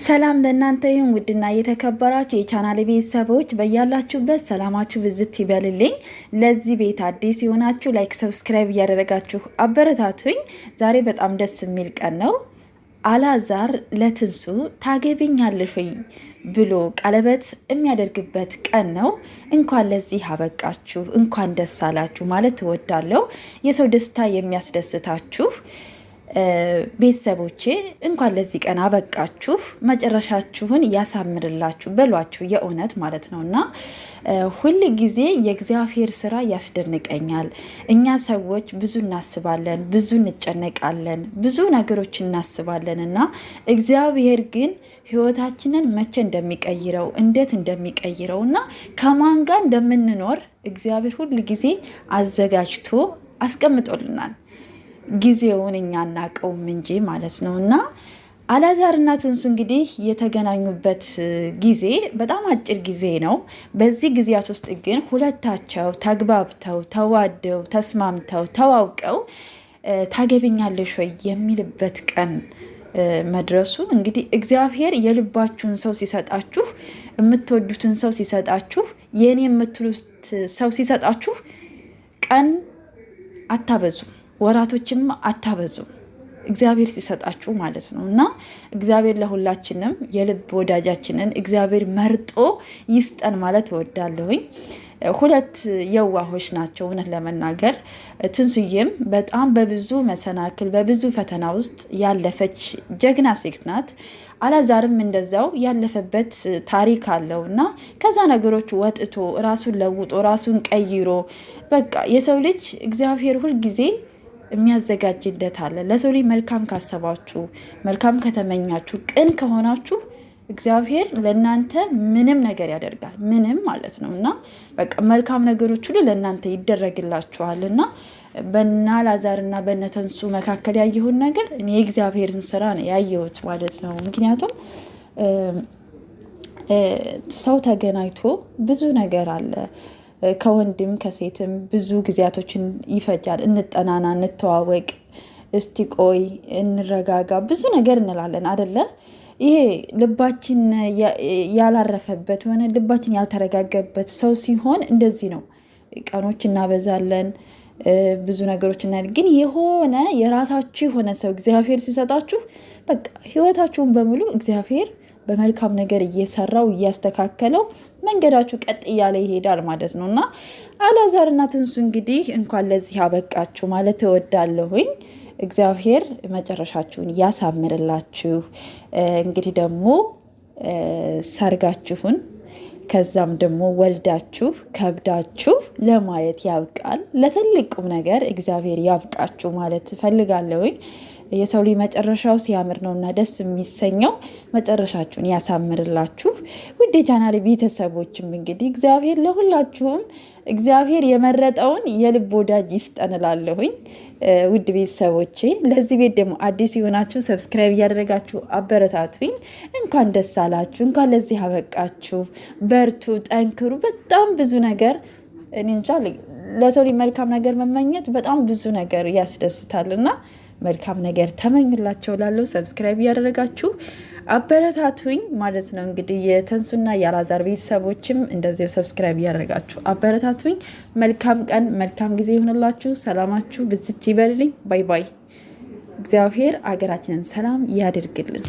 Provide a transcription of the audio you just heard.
ሰላም ለእናንተ ይሁን ውድና የተከበራችሁ የቻናል ቤተሰቦች፣ በያላችሁበት ሰላማችሁ ብዝት ይበልልኝ። ለዚህ ቤት አዲስ የሆናችሁ ላይክ፣ ሰብስክራይብ እያደረጋችሁ አበረታቱኝ። ዛሬ በጣም ደስ የሚል ቀን ነው። አላዛር ለትንሱ ታገቢኛለሽ ወይ ብሎ ቀለበት የሚያደርግበት ቀን ነው። እንኳን ለዚህ አበቃችሁ፣ እንኳን ደስ አላችሁ ማለት እወዳለሁ። የሰው ደስታ የሚያስደስታችሁ ቤተሰቦቼ እንኳን ለዚህ ቀን አበቃችሁ፣ መጨረሻችሁን እያሳምርላችሁ በሏችሁ የእውነት ማለት ነው እና ሁል ጊዜ የእግዚአብሔር ስራ ያስደንቀኛል። እኛ ሰዎች ብዙ እናስባለን፣ ብዙ እንጨነቃለን፣ ብዙ ነገሮች እናስባለን እና እግዚአብሔር ግን ህይወታችንን መቼ እንደሚቀይረው እንዴት እንደሚቀይረው እና ከማን ጋር እንደምንኖር እግዚአብሔር ሁል ጊዜ አዘጋጅቶ አስቀምጦልናል። ጊዜውን እኛ አናውቀውም እንጂ ማለት ነው እና አላዛር እና ትንሱ እንግዲህ የተገናኙበት ጊዜ በጣም አጭር ጊዜ ነው። በዚህ ጊዜያት ውስጥ ግን ሁለታቸው ተግባብተው ተዋደው ተስማምተው ተዋውቀው ታገቢኛለሽ ወይ የሚልበት ቀን መድረሱ እንግዲህ እግዚአብሔር የልባችሁን ሰው ሲሰጣችሁ፣ የምትወዱትን ሰው ሲሰጣችሁ፣ የእኔ የምትሉት ሰው ሲሰጣችሁ ቀን አታበዙም። ወራቶችም አታበዙም እግዚአብሔር ሲሰጣችሁ ማለት ነው። እና እግዚአብሔር ለሁላችንም የልብ ወዳጃችንን እግዚአብሔር መርጦ ይስጠን ማለት እወዳለሁኝ። ሁለት የዋሆች ናቸው እውነት ለመናገር ትንሱዬም በጣም በብዙ መሰናክል በብዙ ፈተና ውስጥ ያለፈች ጀግና ሴት ናት። አላዛርም እንደዛው ያለፈበት ታሪክ አለው እና ከዛ ነገሮች ወጥቶ ራሱን ለውጦ ራሱን ቀይሮ በቃ የሰው ልጅ እግዚአብሔር ሁልጊዜ የሚያዘጋጅለት አለ። ለሰው ልጅ መልካም ካሰባችሁ፣ መልካም ከተመኛችሁ፣ ቅን ከሆናችሁ እግዚአብሔር ለእናንተ ምንም ነገር ያደርጋል። ምንም ማለት ነው እና በቃ መልካም ነገሮች ሁሉ ለእናንተ ይደረግላችኋል እና በና ላዛር እና በነተንሱ መካከል ያየሁን ነገር እኔ የእግዚአብሔርን ስራ ነው ያየሁት ማለት ነው። ምክንያቱም ሰው ተገናኝቶ ብዙ ነገር አለ ከወንድም ከሴትም ብዙ ጊዜያቶችን ይፈጃል። እንጠናና፣ እንተዋወቅ፣ እስቲ ቆይ፣ እንረጋጋ፣ ብዙ ነገር እንላለን አደለ? ይሄ ልባችን ያላረፈበት ሆነ ልባችን ያልተረጋገበት ሰው ሲሆን እንደዚህ ነው። ቀኖች እናበዛለን፣ ብዙ ነገሮች እናል። ግን የሆነ የራሳችሁ የሆነ ሰው እግዚአብሔር ሲሰጣችሁ በቃ ህይወታችሁን በሙሉ እግዚአብሔር በመልካም ነገር እየሰራው እያስተካከለው መንገዳችሁ ቀጥ እያለ ይሄዳል ማለት ነው እና አላዛርና ትንሱ እንግዲህ እንኳን ለዚህ አበቃችሁ ማለት እወዳለሁኝ። እግዚአብሔር መጨረሻችሁን እያሳምርላችሁ እንግዲህ ደግሞ ሰርጋችሁን ከዛም ደግሞ ወልዳችሁ ከብዳችሁ ለማየት ያብቃል። ለትልቅ ቁም ነገር እግዚአብሔር ያብቃችሁ ማለት እፈልጋለሁኝ። የሰው ልጅ መጨረሻው ሲያምር ነው እና ደስ የሚሰኘው መጨረሻችሁን ያሳምርላችሁ። ውድ የቻናል ቤተሰቦችም እንግዲህ እግዚአብሔር ለሁላችሁም እግዚአብሔር የመረጠውን የልብ ወዳጅ ይስጠንላለሁኝ። ውድ ቤተሰቦቼ ለዚህ ቤት ደግሞ አዲስ የሆናችሁ ሰብስክራይብ እያደረጋችሁ አበረታቱኝ። እንኳን ደስ አላችሁ፣ እንኳን ለዚህ አበቃችሁ። በርቱ፣ ጠንክሩ። በጣም ብዙ ነገር እኔ እንጃ ለሰው ልጅ መልካም ነገር መመኘት በጣም ብዙ ነገር ያስደስታል እና መልካም ነገር ተመኙላቸው። ላለው ሰብስክራይብ እያደረጋችሁ አበረታቱኝ ማለት ነው። እንግዲህ የተንሱና የአላዛር ቤተሰቦችም እንደዚው ሰብስክራይብ እያደረጋችሁ አበረታቱኝ። መልካም ቀን መልካም ጊዜ ይሆንላችሁ። ሰላማችሁ ብዝት ይበልልኝ። ባይ ባይ። እግዚአብሔር አገራችንን ሰላም ያደርግልን።